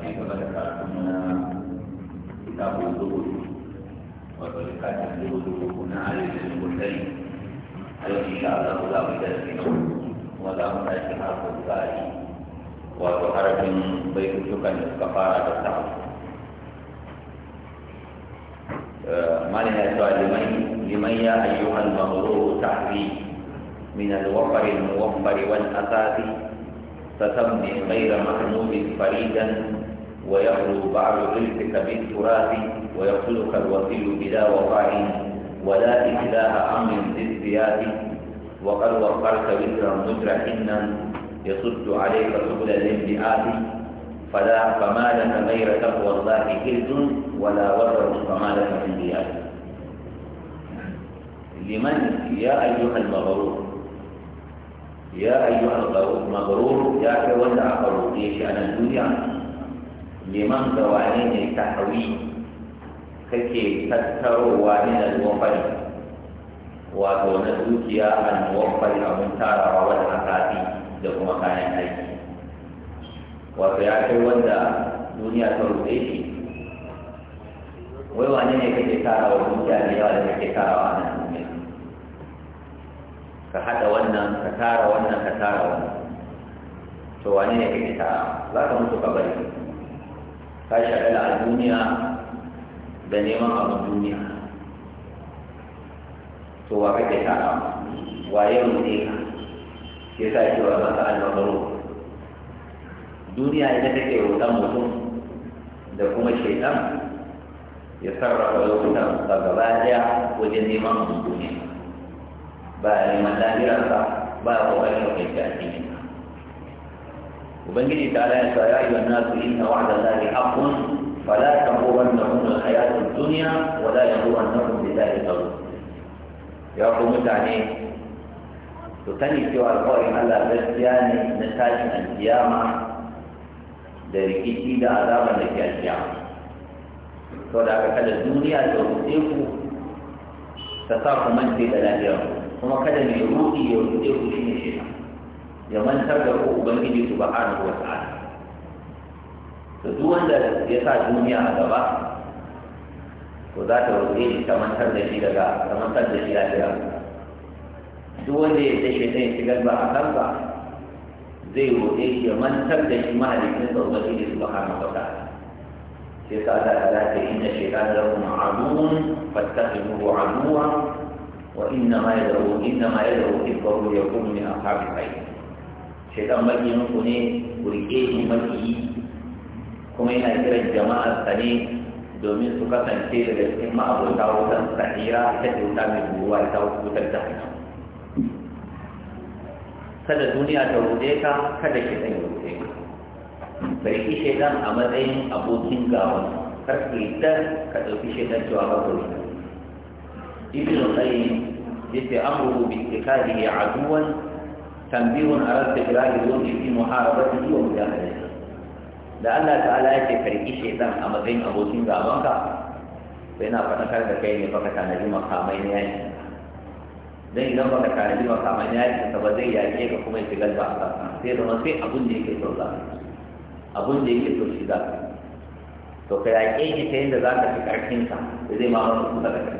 في كما ذكرتنا كتاب الزهد وطريقات الزهد هنا على المرسلين أيضا إن شاء الله لا بد ولا مناسب البخاري وتخرج من بيت السكن الكفارة التعب ما لمن يا أيها المغرور تحري من الوفر الموفر والأساس فتمني غير محمود فريدا ويخلو بعض رزقك بالتراث ويقتلك الوكيل بلا وقع ولا إله أمر للزياد وقد وفرت وزرا حنا يصد عليك سبل الانبئات فلا فما لك غير تقوى الله حرز ولا وزر فما لك من ديار لمن يا أيها المغرور يا أيها المغرور يا كون أقرب شان الدنيا liman da wane ne ta hawi kake tattarowa ne da wafari wato na dukiya an a abin tarawa wanda aka da kuma kayan aiki wato ya kai wanda duniya ta rufe shi wai wane ne kake tarawa dukiya da yawa da kake tarawa a nan duniya ka haɗa wannan ka tara wannan ka tara wannan to wane ne kake tarawa za ka mutu ka bari ka shagala a duniya da neman abu duniya to wa kake taka wa rune ka ke sa ke wa maka almagaro duniya ita take rudan mutum da kuma shaitan ya sarrafa lokutan ga gaba daya wajen neman abu duniya ba neman lahirarsa ba kokarin wakilci وبنجي تعالى يا أيها الناس إن وعد الله حق فلا تغرنكم الحياة الدنيا ولا يغرنكم بالله الغرور يا قوم متعني وتاني سوى القائم على بسيان نتاج القيامة da rikici da azaban da ke alkiyama to da aka kada duniya ta rute ku ta sa ku mance da lafiya kuma kada ruɗi ya rute ku ya mantar da ko ubangiji subhanahu wata ana to duk wanda ya sa duniya a gaba to za ta roƙe shi ta mantar da shi daga ta mantar da shi lafiya duk wanda ya ta shaitan ya shigar ba a ba zai roƙe shi ya mantar da shi su sa ubangiji subhanahu wa ta'ala sai sa Allah ta ce inna shaytana lakum aduwwun fattakhiduhu aduwwa wa inna ma yad'u inna ma yad'u hizbahu yakunu min ashabil bayt shaitan makiyin ku ne ku rike shi makiyi kuma yana kiran jama'ar sa ne domin su kasance daga cikin ma'abota wutan sahira ta kyauta mai buruwa ita wutar ta hanyar kada duniya ta rude ka kada shi ɗan rude ka bari shaitan a matsayin abokin gawa kar ka yi dan ka ɗauki shaitan cewa ba ka rude ibn qayyim yace amruhu bi ittikadihi aduwan tambihun a rasta kirari zo ne fi muharabati wa mujahadati da da Allah ta'ala yake karki shaitan a matsayin abokin gabanka sai na faɗakar da kai ne baka tanadi makamai na yaki dan idan baka tanadi makamai na yaki ka ba zai yake ka kuma shiga a ka sai zama sai abun da yake so za abun da yake so shi za to ka yake shi ta yadda za ka fi ƙarfinka zai ma wani kusa da kai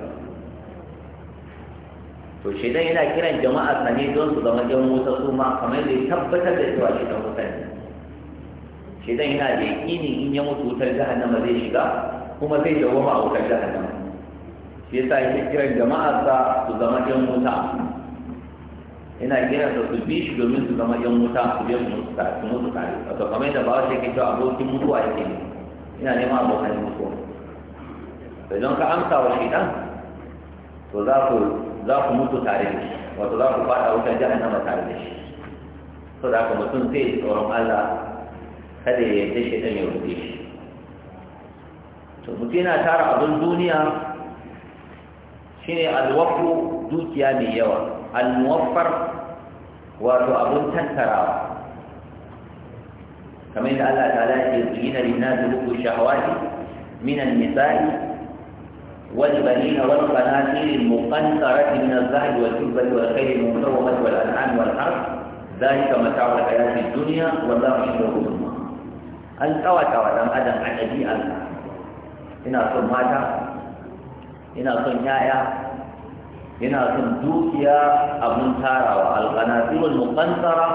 to shaidan yana kiran jama'a sani don su zama yan wuta su ma kamar da ya tabbatar da cewa shi dan wuta ne shaidan yana da yakini in ya mutu wutar jahannama zai shiga kuma zai dawoma a wutar jahannama shi yasa yake kiran jama'a sa su zama yan wuta yana kiran da su bi shi domin su zama yan wuta su bi su mutu tare su mutu tare wato kamar da bawa shi ke cewa abokin mutuwa yake ne ina neman abokan mutuwa idan ka amsa wa dan to za ku za ku mutu tare da shi wato za ku fada wutar jahannama tare da shi to da ku mutum zai yi tsoron Allah kada ya yarda shi dan ya rufe shi to mutum yana tara abin duniya shine alwaqu dukiya mai yawa almuwaffar wato abin tattarawa kamar yadda Allah ta'ala ya ce zuyina lin-nasi hubbu shahawati min an-nisa'i والبنين والقناطير المقنطرة من الذهب والفضة والخيل المسومة والأنعام والحرث ذلك متاع الحياة الدنيا والله عنده ثم an tsawata wa ɗan adam a ɗabi'ar ina son mata ina son yaya ina son dukiya abun tarawa alƙanatirul muqantara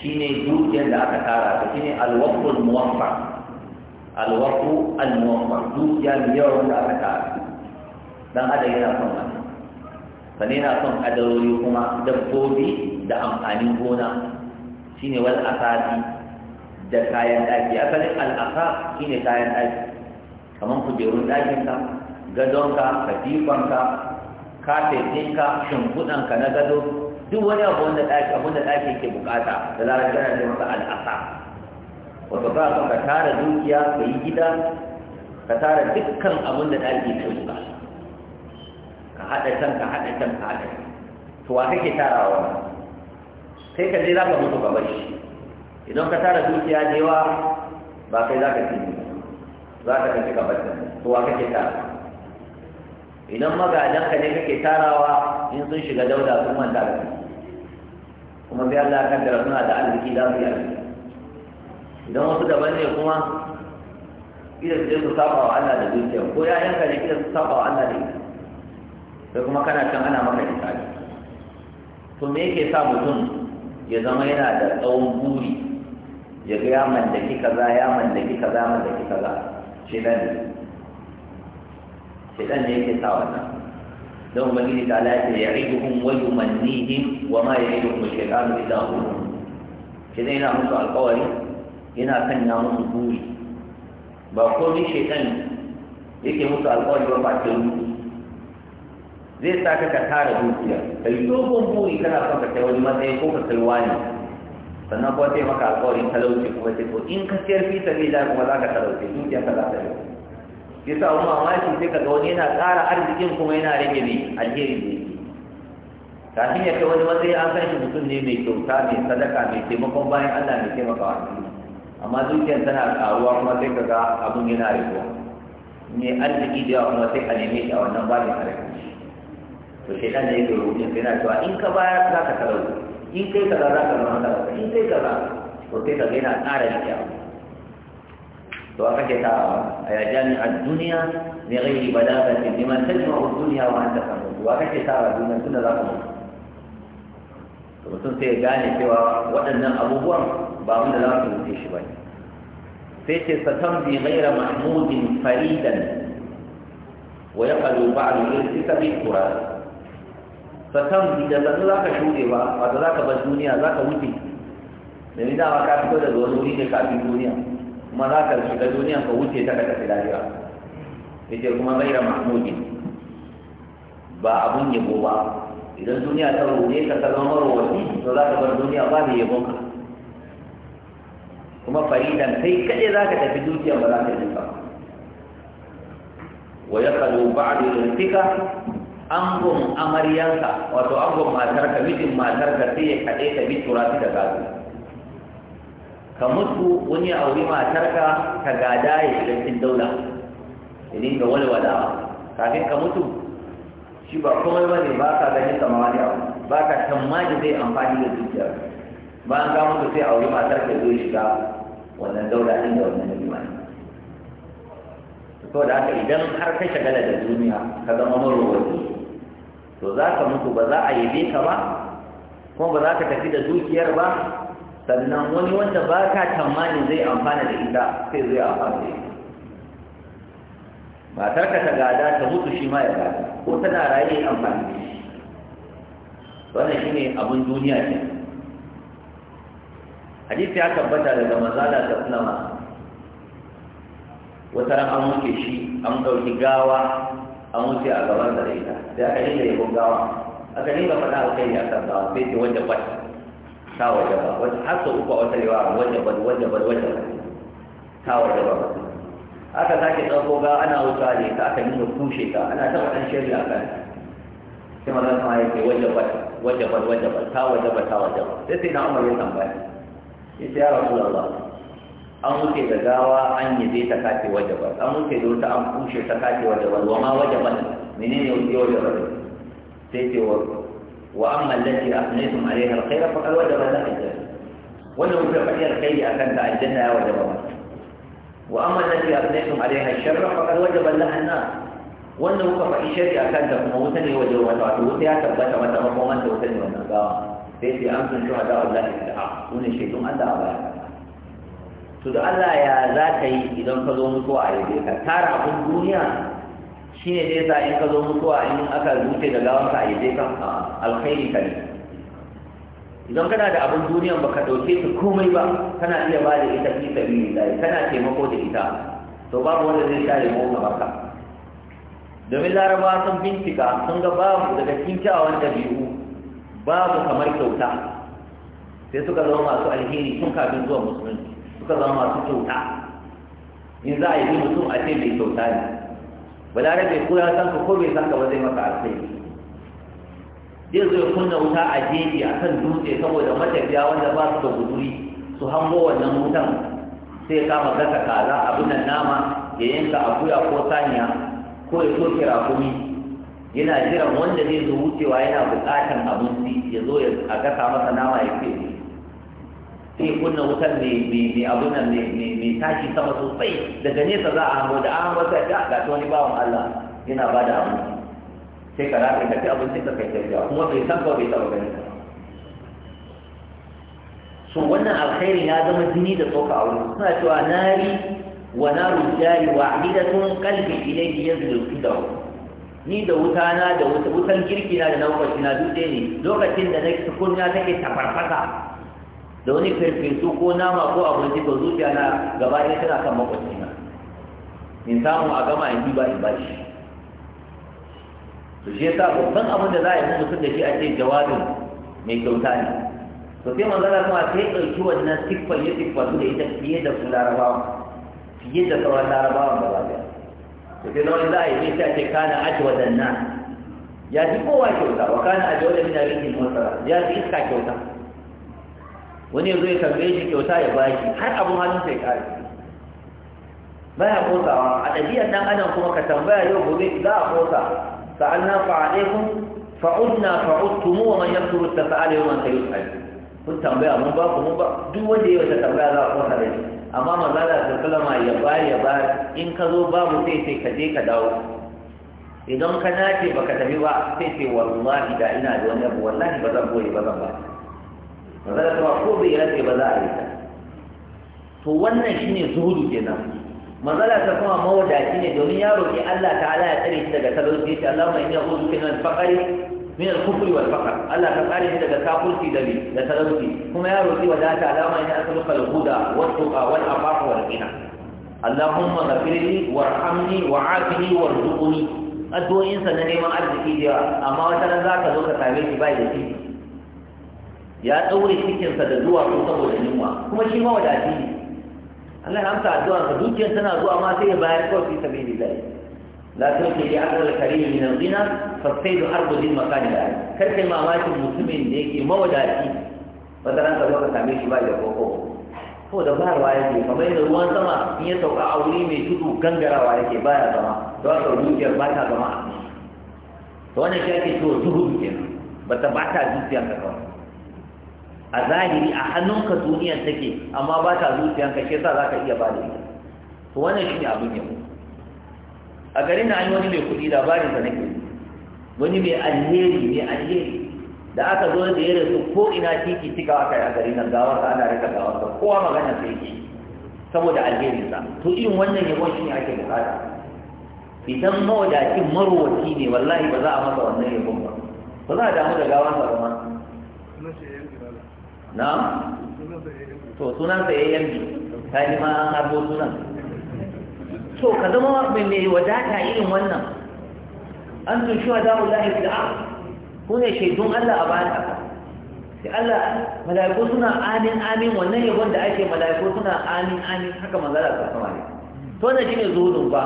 shine dukiyar da aka tara ta shine alwaqtul muwaffa alwaku almuwaffaq dukiya mai yawa wanda aka tara dan adam yana son wannan sani yana son adarori kuma dabbobi da amfanin gona shine wal asadi da kayan daki asalin al'asa shine kayan daki kamar kujerun dakinka gadonka katifanka katetinka shimfiɗanka na gado duk wani abu wanda ɗaki da ke bukata da lalata yana ce masa al'asa wato ba ka ka tara dukiya ka yi gida ka tara dukkan abin da ɗaki na yi ba ka haɗa can ka haɗa can ka haɗa to wa kake tarawa sai ka je za ka mutu gabar shi idan ka tara dukiya da yawa ba kai za ka ci za ka tafi gabar ta to wa kake tarawa idan magajan ka ne kake tarawa in sun shiga dauda sun manta da kuma sai Allah ya kaddara suna da arziki za su yi arziki idan wasu daban ne kuma kila su je su saba wa Allah da zuciya ko ya'yanka ne kila su saba wa Allah da ita sai kuma kana can ana maka hisabi to me yake sa mutum ya zama yana da tsawon buri ya ga ya mallaki kaza ya mallaki kaza ya mallaki kaza dan ne dan ne yake sa wannan don ubangiji ta ala ya ya'iduhum wa yumannihim wa ma ya'iduhum shaytanu illa shi shedan yana musu alƙawari yana sanya musu buri ba komai shaitan yake musu alƙawari ba yi ruɗi zai sa ka ka tara dukiya yi dogon buri kana son ka kai wani matsayi ko ka kai wani sannan kuma sai maka alƙawarin talauci kuma sai ko in ka siyar fi sabila kuma za ka talauci, dukiya ka za ta yi ya sa wani shi sai ka ga wani yana ƙara arzikin kuma yana rage ne alheri ne kafin ya kai wani matsayi an san shi mutum ne mai kyauta mai sadaka mai taimakon bayan allah mai taimakawa amma dukiyar tana karuwa kuma sai kaga abun yana rikuwa ne arziki da yawa kuma sai ka neme shi a wannan ba da karfi to shaitan ne yake rubutun sai na cewa in ka baya za ka talauta in kai kaza za ka zama talauta in kai kaza to sai kaga yana ƙara rike to aka ce ta a yajan a duniya ne gairi balaga ce liman tajma a duniya wa anta kamu to aka ce ta a duniya da za ka mutu to mutum sai ya gane cewa waɗannan abubuwan ba wanda za su rufe shi ba ne sai ce satan bi gaira mahmudin faridan wa yaqalu su irtika bi kura satan bi da zan za ka shuɗe ba ba da za ka bar duniya za ka wuce da ni dama ka fito da zuwa wuri ne kafin duniya kuma za ka shiga duniya ka wuce ta ka tafi Sai ce kuma gaira mahmudin ba abun yabo ba idan duniya ta rune ka ta zama marwaci to za ka bar duniya ba da yabon ka kuma faridan kai kaɗai za ka tafi dukiyar ba za ka yi ba wa ya kalu ba'adu fika angon amaryanka wato angon matarka mijin matarka sai ya kaɗai ta bi turati da gado ka mutu wani ya auri matarka ka gada ya shiga cikin daula ga wani walwala kafin ka mutu shi ba kuma ba ne ba ka ganin kamar ba ka tamma da zai amfani da dukiyar Ba an ka mutu sai auri matar ka zo shiga wannan daura ɗin da wannan limani to da haka idan har ka shagala da duniya ka zama marowaci to za ka mutu ba za a yabe ka ba kuma ba za ka tafi da dukiyar ba sannan wani wanda ba ka tamani zai amfana da ita sai zai amfana da ita matar ka ta gada ta mutu shi ma ya gada ko tana raye amfani da shi wannan shine abin duniya kenan hadisi ya tabbata daga manzala ta sunama wata ran an wuce shi an ɗauki gawa an wuce a gaban da ta, sai aka yi da yabon gawa aka yi faɗa a kai ya kan gawa sai ce wanda bat ta waje ba wata har sau uku a wata yawa wanda bat wanda bat wanda bat ta waje ba aka sake ɗauko gawa ana wuta da ita aka nuna kushe ta ana taɓa ɗan shirya a kan sai mazan sama ya ce wanda bat wanda bat wanda bat ta waje ba ta waje ba sai sai na umar ya tambaya yace ya rasulullah an wuce da gawa an zai ta kace ba. an wuce da wuta an kushe ta kace ba, wa ma wajabar menene wuce wajabar sai ce wa wa amma allati afnaytum alaiha alkhaira faqad wajaba la aljanna wannan wuce fadi alkhairi akan ta aljanna ya wajaba wa amma allati afnaytum alaiha alsharra faqad wajaba la annar wannan wuce fadi shari'a kan ta kuma wuta ne wajaba wato wuta ya tabbata mata makoman ta wuta ne wannan gawa sai fi amsan shuhada wallahi da'a wani shaidun Allah a baya to da Allah ya za ka yi idan ka zo mutuwa a yabe ka tara abin duniya shi ne sa in ka zo mutuwa in aka zuce da gawar ka a yabe ka alkhairi ka ne idan kana da abin duniya baka dauke su komai ba kana iya ba da ita fi sabilillah kana taimako da ita to babu wanda zai share mu baka domin larabawa sun bincika sun ga babu daga cikin kyawawan dabi'u babu kamar kyauta sai suka zama masu alheri tun kafin zuwa musulunci suka zama masu kyauta in za a yi mutum a ce mai kyauta ne Ba da rage kura san ka ko bai san ka ba zai maka alheri zai zo ya kunna wuta a jeji a kan dutse saboda matafiya wanda ba su da guduri su hango wannan wutan sai ya kama gasa kaza abin nan nama ya yanka akuya ko saniya ko ya soke rakumi yana jiran wanda zai zo wucewa yana buƙatar abinci ya zo ya a gasa masa nama ya ce sai kunna wutar mai abun nan mai tashi sama sosai daga nesa za a hango da an sai da ah, ga wani bawan Allah yana ba da abinci sai ka rafe ka ci abinci ka kai tafiya kuma bai san ba bai taɓa ganin ka so wannan alkhairi ya zama jini da tsoka a wurin suna cewa nari wa naru jari ilai da ilayhi da fidahu ni da na da wutan kirki na da na lokaci na dutse ne lokacin da na tukunna take tafarfasa da wani firfesu ko nama ko abinci ko zuciya na gaba ɗaya tana kan makwaci na in samu a gama in ba in bashi to shi yasa babban abin da za a yi mutum da shi a ce jawabin mai kyauta ne to sai manzala kuma sai ɗauki wannan siffar ya su da ita fiye da su larabawa fiye da sauran larabawan gaba ɗaya sai na wani za a yi nisa ce kana aji da ya fi kowa kyauta wa kana ajwa da min abikin masara ya fi iska kyauta wani ya zo ya tambaye shi kyauta ya ba shi har abun hannun sai kare baya kosawa a ɗabi'ar ɗan adam kuma ka tambaya yau gobe za a kosa fa'u na fa'udna fa'udtumu wa man yamturu tafa'ala yawman sayyid kun tambaya mun ba ku mun ba duk wanda ya ta tambaya za a kosa da shi amma mazala ta kalama ya ba ya ba in ka zo babu sai sai ka je ka dawo idan ka nace baka tafi ba sai sai wallahi da ina da wani abu wallahi ba zan goye ba zan ba mazala ta ko bai rage ba za a yi ta to wannan shine zuhudu kenan mazala ta kuma mawadaci ne domin ya roƙi Allah ta'ala ya tsare shi daga talauci ya Allah Allahumma inni a'udhu bika min min al-kufr wal faqr Allah ka kare shi daga kafirci da ne da talauci kuma ya roki wadata alama ina asluka al-huda wat tuqa wal afaf wal ghina Allahumma ghfir li warhamni wa'afini warzuqni addu'o'in sa na neman arziki da amma wata ran zaka zo ka same shi bai da shi ya daure cikin sa da zuwa ko saboda yunwa kuma shi ma wadati Allah ya amsa addu'ar sa dukiyar tana zuwa ma sai ya bayar kawai fi sabilillah la ke bi akal karim min al-ghina fa da ardu bil makani da kar kai mamakin mutumin da yake mawadaci wataran ka zo ka same shi ba da koko ko da ruwa yake kamar yadda ruwan sama in ya sauka a wuri mai tudu gangarawa yake baya zama da wasu dukiyar ba ta zama a to wannan shi ake cewa zuhudu dukiyar ba ta ba ta dukiyar ka kawai a zahiri a hannunka duniyar take amma ba ta zuciyar ka shi yasa za ka iya ba da ita to wannan shi ne abin yabo a gari na an wani mai kuɗi labarin da nake wani mai alheri mai alheri da aka zo da ya rasu ko ina titi tika aka yi a gari nan gawar ka ana rika gawar ka kowa magana sai ke saboda alheri sa to irin wannan yabon shi ne ake bukata idan mawadacin marwaci ne wallahi ba za a masa wannan yabon ba ba za a damu da gawar sa ba na to sunan sa yayin bi kai ma an harbo sunan to ka zama mai wadata irin wannan an tun shi wadda Allah fi a. ko ne shaidun Allah a bada. sai Allah mala'iku suna amin amin wannan yabon da ake mala'iku suna amin amin haka mazara ta sama ne to wannan ne zuzun ba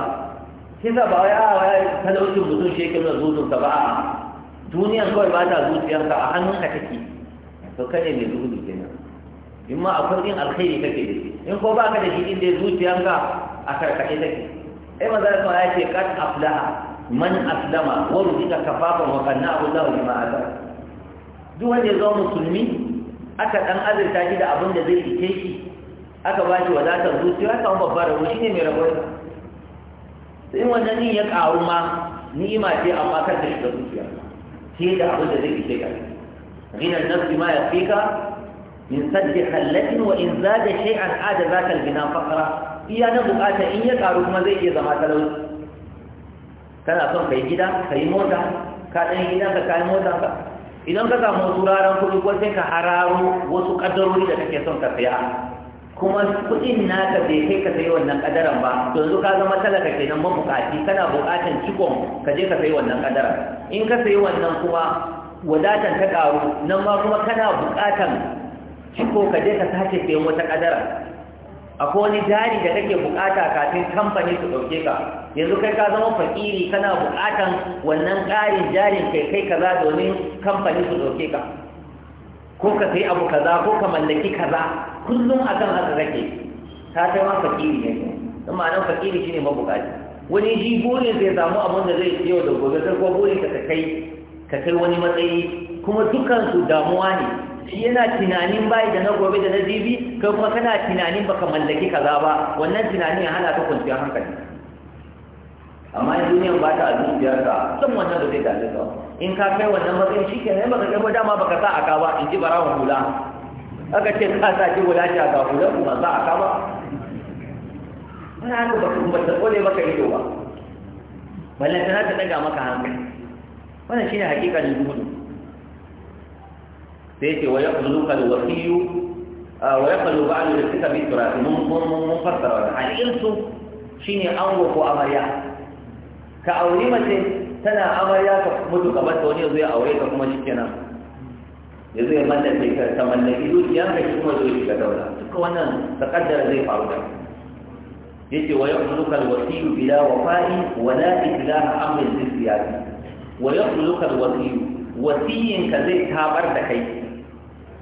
sai za ba wai a wai talaucin mutum shi yake zuzun ka ba a duniyan kawai ba ta zuciyarka a hannunka take to ne mai zuhudu kenan in ma akwai din alkhairi kake da shi in ko ka da shi inda zuciyarka a karkace take ai maza sama ya ce kad aflaha man aslama wa ruzika kafafan wa kanna abu lahu bima azara duk wanda ya zama musulmi aka dan azurta shi da abin da zai ike shi aka ba shi wadatar zuciya ta wani babbar ruwa, shi ne mai rabo sai wanda ni ya karu ma ni'ima ce amma kar ta shiga zuciya Ke da abin da zai ike ka gina nafsi ma ya fi ka min saddi hallatin wa in zada shay'an ada zaka al-gina faqra iya na bukata in ya karu kuma zai iya zama talauci kana son kai gida kai mota ka dan gida ka kai mota ka idan ka samu turaran raran kuɗi ko sai ka hararo wasu kadarori da kake son ka saya kuma kuɗin naka bai kai ka sayi wannan kadaran ba to yanzu ka zama talaka kenan mabukaci kana bukatan cikon ka je ka sayi wannan kadaran in ka sayi wannan kuma wadatan ta karu nan ma kuma kana bukatan ciko ka je ka sake sayan wata kadara akwai wani jari da kake bukata kafin kamfani su dauke ka yanzu kai ka zama fakiri kana bukatan wannan ƙarin jarin kai kai kaza domin kamfani su dauke ka ko ka sai abu kaza ko ka mallaki kaza kullum akan haka kake ka kai ma fakiri ne don ma'anar fakiri shine mabukaci wani ji burin zai samu abun da zai yau da gobe sai ko burin ka kai ka kai wani matsayi kuma dukansu damuwa ne shi yana tunanin bai da na gobe da na jibi kai kuma kana tunanin baka mallaki kaza ba wannan tunanin ya hana ka kwanciyar hankali amma in duniyan ba ta a ka san wannan da zai dace ka in ka kai wannan matsayin shi ke nan baka kai ba dama baka sa aka ba in ji barawon hula aka ce ka sa ki hula ce aka hula kuma sa aka ba ana haka baka kuma ta kone maka ido ba tana ta daga maka hankali wannan shine hakikalin duniya تيتي ويقلق الوحي ويقلق بعد الاسكة بالتراث ممكن مفسر عن إلسو شيني أمرك وأمريا كأوليمة تنا أمريا فمتك بس وني يضيع أوليك كما شكنا يضيع من ذلك تمنى إذو يمحش كما يضيع كدولة تكوانا تقدر ذي فارجا يتي ويقلق الوحي بلا وفاء ولا إطلاع أمر في السياسة ويقلق الوحي وسيين كذي تابر دكي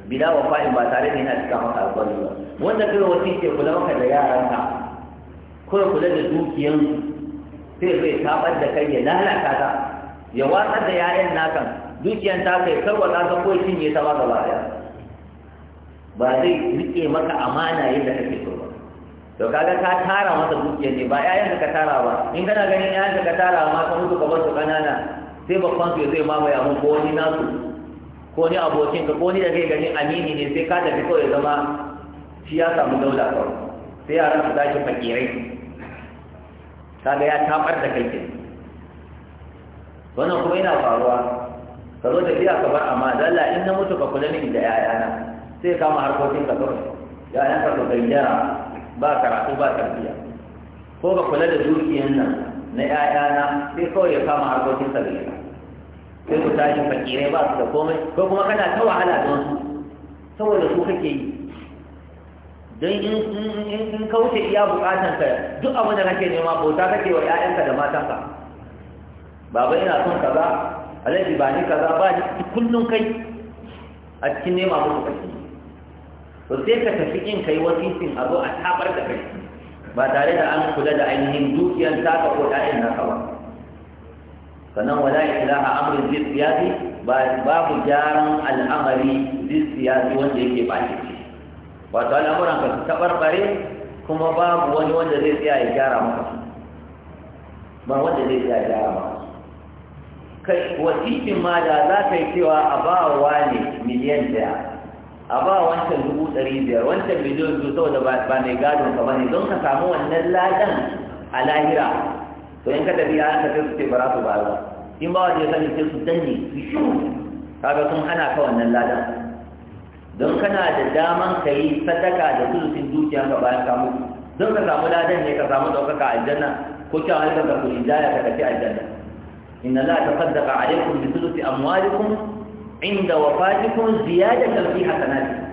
bila wa fa'in ba tare da yana cika haka alƙawari ba wanda kai wasi ke kula maka da yaranka ko ya kula da dukiyan sai zai tabar da kai ya lalata ta ya watsar da 'ya'yan naka dukiyan ta kai karwa ta ko cinye ta ba gaba ba zai rike maka amana yadda kake so ba to kaga ka tara masa dukiyan ne ba yayan da ka tara ba in kana ganin yayan da ka tara ma ka mutu ka bar su kanana sai babban su zai mamaye mu ko wani nasu ko ni abokin ka ko ni da kai ganin amini ne sai ka tafi kawai zama shi ya samu daula kawai sai yaran su tashi fakirai kaga ya tabar da kai kenan wannan kuma yana faruwa ka zo tafiya ka bar amma da Allah in na mutu ka kula mini da 'ya'yana sai kama harkokin ka kawai 'ya'yan ka ka gayyara ba karatu ba tarbiyya ko ka kula da dukiyan nan na 'ya'yana sai kawai ya kama harkokin sa gayyara sai ku tashi fakirai ba su da komai ko kuma kana ta wahala don su saboda su kake yi don in kauce iya bukatanka duk abin da kake nema bauta kake wa 'ya'yanka da matanka baba ina son kaza alaji ba ni kaza ba ni kullum kai a cikin nema musu kake to sai ka tafi in kai wasisin a zo a tabar da kai ba tare da an kula da ainihin dukiyar taka ko 'ya'yan naka ba sannan wala ilaha amrin zai siyasi babu gyaran al'amari zai siyasi wanda yake bashi ce wato al'amuran ka su taɓarɓare kuma babu wani wanda zai tsaya ya gyara maka ba wanda zai tsaya ya gyara maka kai wasiƙin ma da za ka yi cewa a ba wa ne miliyan daya a ba wancan dubu ɗari biyar wancan miliyan biyu saboda ba mai gadon ka ne don ka samu wannan ladan a lahira to in ka tafi ya ka su ce ba za su ba ba in ba waje sani sai su danne su shu kaga sun hana ka wannan ladan don kana da daman ka yi sadaka da sulusin dukiya ka bayan ka don ka samu ladan ne ka samu ɗaukaka aljanna ko cewa halka ka kuri daya ka tafi aljanna inna la tasaddaqa alaikum bi sulusi amwalikum inda wafatikum ziyadatan fi hasanatikum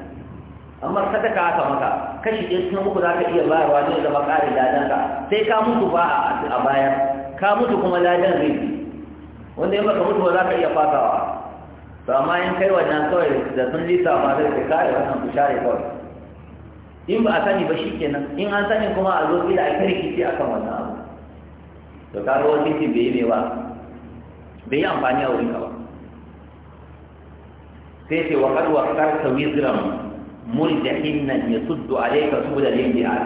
amma sadaka aka maka kashi ɗin cikin uku za ka iya bayarwa ne zama ƙarin ladanka sai ka mutu ba a bayan ka mutu kuma ladan zai wanda ya baka mutu ba za ka iya fatawa to amma in kai wannan kawai da sun lisa ba zai ka kare wannan ku share kawai in ba a sani ba shi kenan in an sani kuma a zo gida a rikici akan wannan abu to ka ga wani bai yi ba bai yi amfani a wurinka ba sai ce wa kadu wa kar ka wizram ملجحنا يصد عليك سبل الانبهار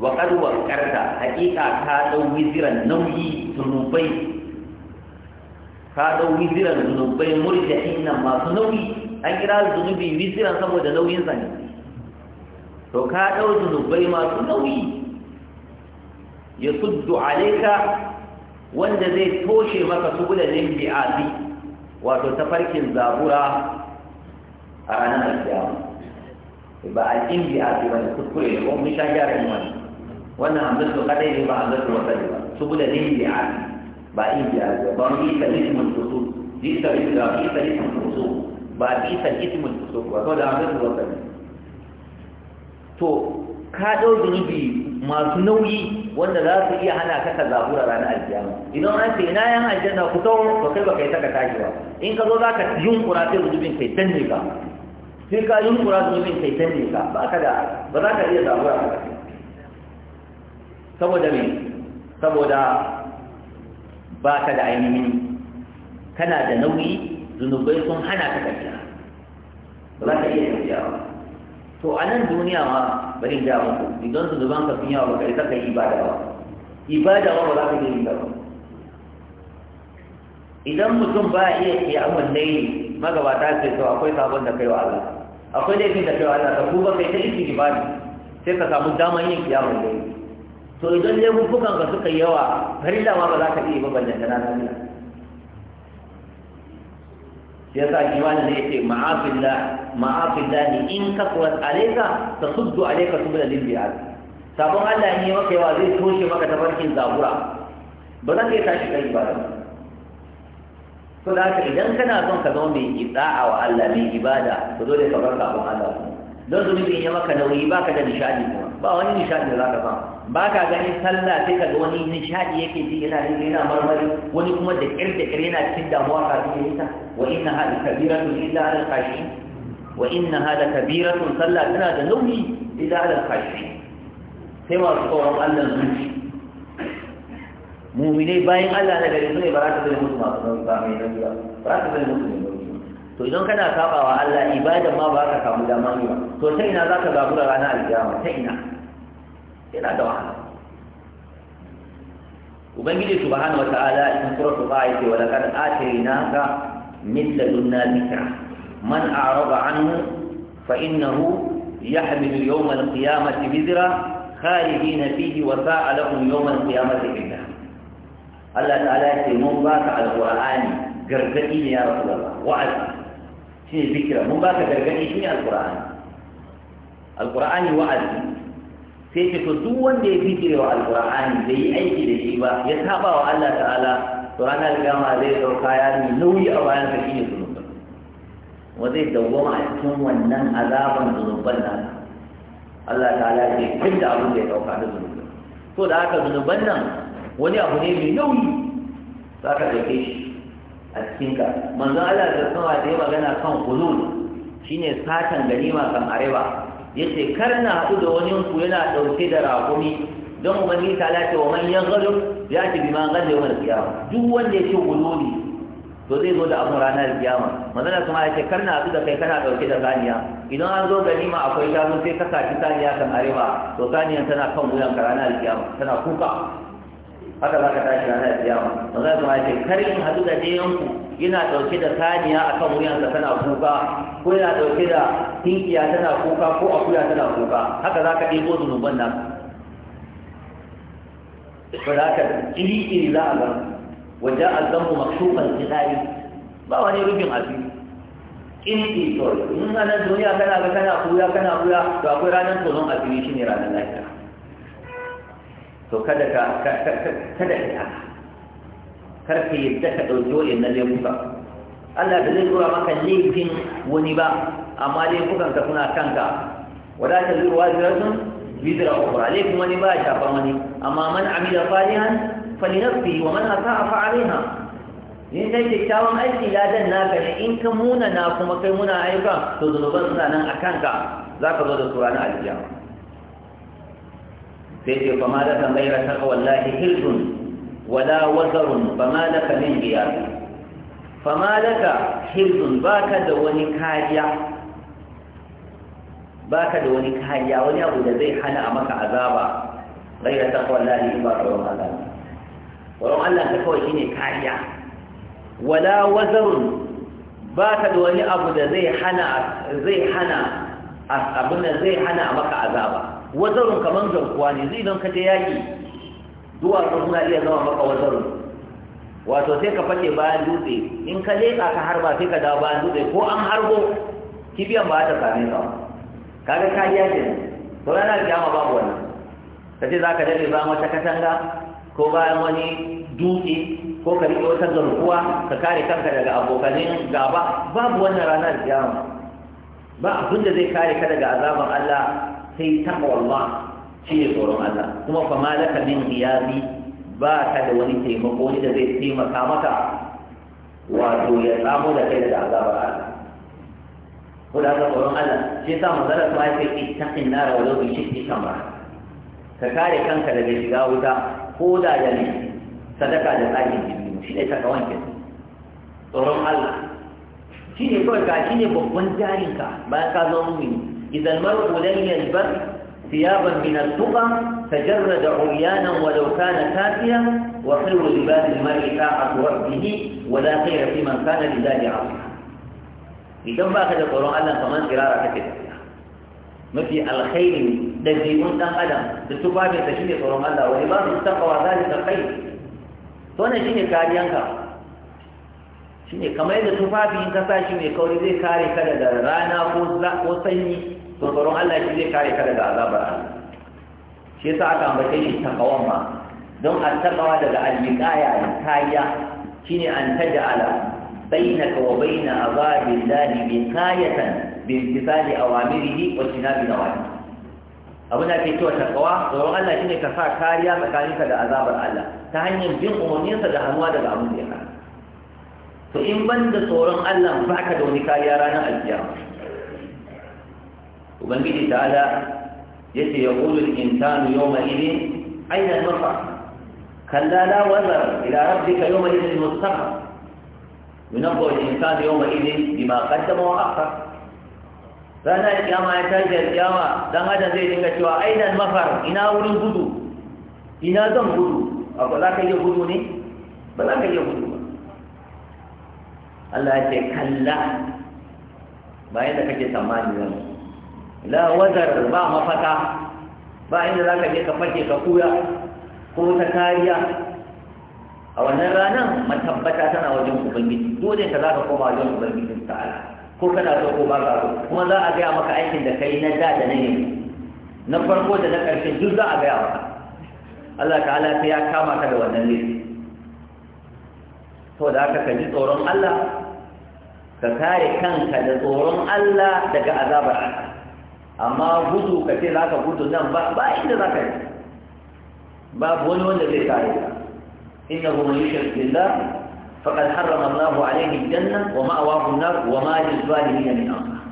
وقد وكرت حقيقة كادو وزرا نوي ذنوبي كادو zunubai ذنوبي ملجحنا ما nauyi an kira zunubi wiziran saboda nauyin zane to ka ɗau zunubai masu nauyi ya suddu alaika wanda zai toshe maka subulalin bi'azi wato tafarkin zabura a ranar ba a inji a ce bane kuskure ne kuma mun sha gyara yin wani wannan hamzatu kadai ne ba hamzatu wasali ba saboda ne inji a ba inji a ba mu isa ismul fusul isa isa isa ismul kusu ba isa ismul kusu ba da hamzatu wasali to ka dau zunubi masu nauyi wanda za su iya hana ka zabura ranar aljihama idan an ce ina yan aljihama ku tawo to kai baka yi ka tashi ba in ka zo za ka yunkura sai rujubin kai danne ka sai ka yi yunkura su yi kai canjin ka ba ka da ba za ka iya samuwa a kai saboda me saboda ba ka da ainihin kana da nauyi zunubai sun hana ka tafiya ba za ka iya tafiya ba to a nan duniya ma bari ja muku idan zunuban ka sun yawa ba ka yi ibada ba ibada ba ba za ka iya yi ba idan mutum ba iya iya amin nayi magabata ce to akwai sabon da kai wa Allah akwai laifin da cewa ana ka ba kai ta istighfari sai ka samu daman yin kiyama da to idan hukukan ka suka yawa farilla ma ba za ka iya ba ballan da ranar Allah ya sa wani ne yace ma'afillah ma'afillah in suddu alayka su alayka subul libyad sabon Allah ne maka yawa zai toshe maka tafarkin zabura ba za ka yi tashi kai ba to da haka idan kana son ka zama mai itsa'a wa Allah mai ibada to dole ka bar kafin Allah don zunubin ya maka nauyi baka da nishadi kuma ba wani nishadi da zaka samu ba ka gani sallah sai ka ga wani nishadi yake ji yana yin yana marmari wani kuma da ƙir da ƙir yana cikin damuwa kafin ya yi ta wa inna hada kabiratun illa ala kashi wa inna hada kabiratun sallah tana da nauyi illa ala kashi sai masu tsoron Allah zuci mu'minai bayan Allah na gari sune ba za ka zai musu masu nauyi ba mai nauyi ba ba za ka zai musu mai nauyi to idan kana sabawa Allah ibada ma ba ka samu dama ne ba to ta ina za ka zabura ranar alkiyama ta ina yana da wahala ubangiji subhanahu wataala cikin suratul ba'a yake wa laqad atainaka min ladunna dhikra man a'rada anhu fa innahu yahmilu yawm al-qiyamati bidra khalidina fihi wa sa'a lahum yawm al-qiyamati bidra Allah ta'ala ya ce mun ba ka alƙur'ani gargadi ne ya rasu rasulullah wa'azi shi ne zikira mun ka gargadi shi ne Alƙur'ani, alqur'ani wa'azi sai ce to duk wanda ya fikire wa alƙur'ani bai yi aiki da shi ba ya saba wa Allah ta'ala to ranar kiyama zai dauka ya ni nauyi a bayan sa shine zunubi wa zai dawwama a cikin wannan azaban zunuban nan Allah ta'ala ya ce kin da abin da ya dauka da zunubi to da haka zunuban nan wani abu ne mai nauyi za ka ɗauke shi a cikinka manzo Allah da sama da ya magana kan hulul shine satan ganima kan arewa yace kar na haɗu da wani ku yana ɗauke da raƙumi don mani ta lati wa man yaghlu ya ci bi man ghadda yawmal qiyamah duk wanda yake hululi to zai zo da abun ranar kiyama manzo kuma yace kar na haɗu da kai kana ɗauke da saniya idan an zo ganima akwai shanu sai ka saki saniya kan arewa to saniyan tana kan wuyan ka ranar kiyama tana kuka haka za ka tashi ranar kiyama ba za su haife karin hadu da ɗayanku yana ɗauke da saniya a kan wuyansa tana kuka ko yana ɗauke da tinkiya tana kuka ko akuya tana kuka haka za ka ɗebo zunuban nan ba za ka ƙiri-ƙiri za a ga wajen azambu makshufan tsinari ba wani rufin abin ƙiri-ƙiri kawai in ana duniya kana ga kana kuya kana kuya to akwai ranar tsoron abin shi ne ranar lafiya to kada ka kada ka haka kar ka yadda ka ɗauki wa'in na laifuka Allah da zai tura maka laifin wani ba amma laifukan ka kuna kanka wadatar zuwa ziratun bizira ukura laifin wani ba ya shafa wani amma man amila falihan falinafsi wa man asa'a fa'alaiha in kai kyakkyawan aiki ladan naka ne in ka muna na kuma kai muna ayyuka to zunuban suna nan a kanka za ka zo da sura na aljiyawa sai ce fa ma laka ghaira taqwallahi hirzun wala wazarun fa ma laka min ghiyar fa ma laka hirzun ka da wani kariya ba ka da wani kariya wani abu da zai hana a maka azaba ghaira taqwallahi ba tsoron azaba tsoron Allah ta kawai shine kariya wala wazarun ka da wani abu da zai hana abin da zai hana a maka azaba wazarun kamar zankuwa ne zai don kaje yaƙi duwatsu suna iya zama maka wazarun wato sai ka fake bayan dutse in ka leƙa ka harba sai ka dawo bayan dutse ko an harbo kibiyan ba ta same ka kaga yi ce to da kiyama babu wannan ka ce za ka daɗe bayan wata katanga ko bayan wani dutse ko ka riƙe wata zankuwa ka kare kanka daga abokanin gaba babu wannan ranar kiyama ba abin da zai kare ka daga azaban Allah sai taqwallah shi ne tsoron Allah kuma fa ma laka min ghiyabi ba ta da wani taimako ne da zai taimaka maka wato ya samu da kai daga azabar Allah ko da haka tsoron Allah shi yasa manzara ta ce ittaqin nar wa law bi shakki kamra ka kare kanka daga shiga wuta ko da da ne sadaka da tsakin jini shi ne ta kawan ke tsoron Allah shi ne kawai ka shi ne babban jarinka bayan ka zo mu. إذا المرء لم يلبس ثيابا من التقى فجرد عريانا ولو كان كافيا وخير لباس المرء طاعة ربه ولا خير في من كان لذلك عظيما إذا ما أخذ القرآن الله كمان قرارة كثيرة مثل الخير الذي كنت أدم بالتقى من تشير القرآن الله ولباس التقوى ذلك الخير فأنا شيني كاريانكا شيني كما إذا تفابي إن كفاشي من كوري ذي كاري كذا رانا وصيني to tsaron Allah shi zai kare ka daga azabar Allah shi yasa aka ambace shi takawan ma don a takawa daga alwiqaya da kariya shine an taj'ala bainaka wa baina azabillahi biqayatan bi imtisali awamirihi wa tinabi nawahi abin da ke cewa takawa tsoron Allah shine ka sa kariya tsakaninka da azabar Allah ta hanyar bin umarninsa da hannuwa daga abin da ya hana to in ban da tsoron Allah baka da wani kariya ranar alkiyama ubangiji ta'ala yace yaqulu al-insanu yawma idin aina al-mafa kalla la wazar ila rabbika yawma idin al-mustaqbal yunabbu al-insanu yawma idin bima qaddama wa akhar ranar kiyama ya tashi kiyama dan hada zai dinga cewa aina al-mafar ina wurin gudu ina zan gudu akwai za ka iya gudu ne ba za ka iya gudu ba Allah ya ce kalla bayan da kake tsammani zan la wazar ba mafaka ba inda za ka je ka fake ka kuya ko ta kariya a wannan ranar matabbata tana wajen ubangiji dole ka za ka koma wajen ubangijin ta'ala ko kana so ko ba ka so kuma za a gaya maka aikin da kai na da da na yanzu na farko da na ƙarshe duk za a gaya maka Allah ta'ala sai ya kama ka da wannan laifi to da haka ka ji tsoron Allah ka kare kanka da tsoron Allah daga azabar Allah amma gudu ka ce za ka gudu nan ba ba inda za ka yi babu wani wanda zai kare ka inna hu man yushrik billah faqad harrama Allahu alayhi al-janna wa ma'wahu an-nar wa ma lil-zalimin min ansar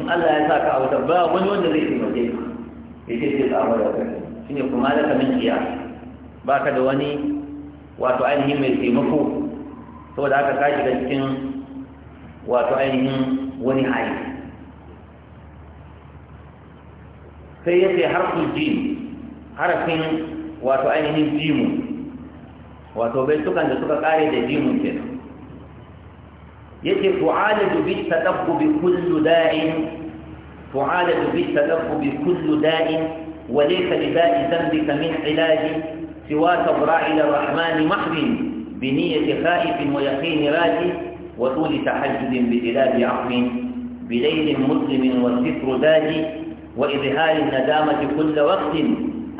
in Allah ya sa ka a wuta ba wani wanda zai taimake ka yace sai ka da kai shine kuma da kamin Ba ka da wani wato ainihin mai taimako saboda aka kashi shiga cikin wato ainihin wani hali sai yace ce harfin jim harafin wato ainihin jimu wato bai tukan da suka kare da jimun ke yace tu'alaju bi tadabbu bi kullu da'in tu'alaju bi tadabbu bi kullu da'in wa laysa li dhanbika وليس لداء ذنبك من rahman mahdin bi niyyati الرحمن wa yaqin raji wa tuli وطول bi ilaji aqmin بليل مظلم والستر داجي و الندامة كل وقت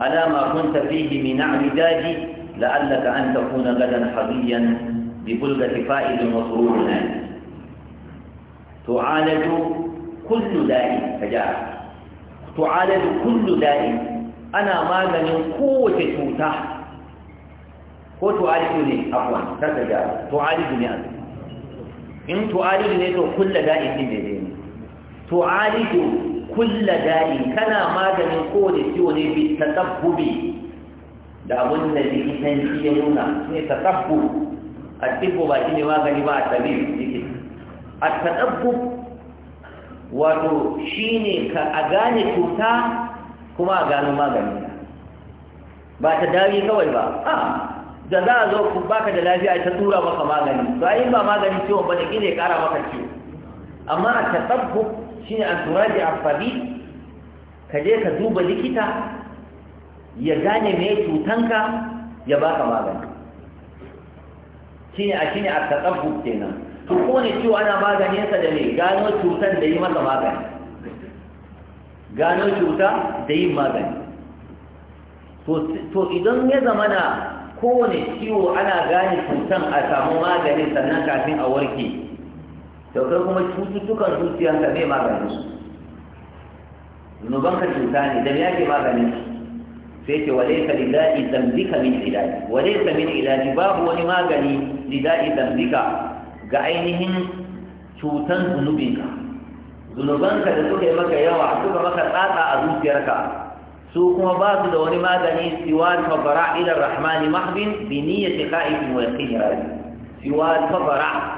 على ما كنت فيه من اعتداد لعلك أن تكون غدا حظيا ب ب ل د فائد وسرور نائم تعالج كل دائم فجاء تعالج كل دائم أنا ن ا ما لم يقوت توتا هو تعالجني عفوا كفجاء تعالجني أ ان تعالجني كل دائم تعالج kulla da'i kana maganin kowane ciwo ne bi tasabbubi da abin da likitanci ya nuna ne tasabbu a tibbu ba shi ne magani ba a tabib likita a tasabbu wato shi ne ka a gane cuta kuma a gano magani ba ta dawi kawai ba a da za a zo ku baka da lafiya ta tura maka magani to ai ba maganin ciwon ba da kila ya kara maka ciwo amma a tasabbu ne an turaji afabi ka je ka duba likita ya gane mai cutanka ya baka magani ne a ne a taqabbu nan to kone ciwo ana maganin sa da me gano cutan da yi masa magani gano cuta da yin magani to idan ya zamana kowane ciwo ana gane cutan a samu maganin sannan kafin a warke to kai kuma cututtukan zuciya ka ne magani su zunuban ka cuta ne da yake magani sai ke wale ka lidai zambika min ilaji wale ka min ilaji babu wani magani lidai zambika ga ainihin cutan zunubinka zunubanka da suka yi maka yawa suka maka tsatsa a zuciyarka su kuma ba su da wani magani siwa tabara ila rahmani mahdin bi niyyati khaifin wa yaqin siwa tabara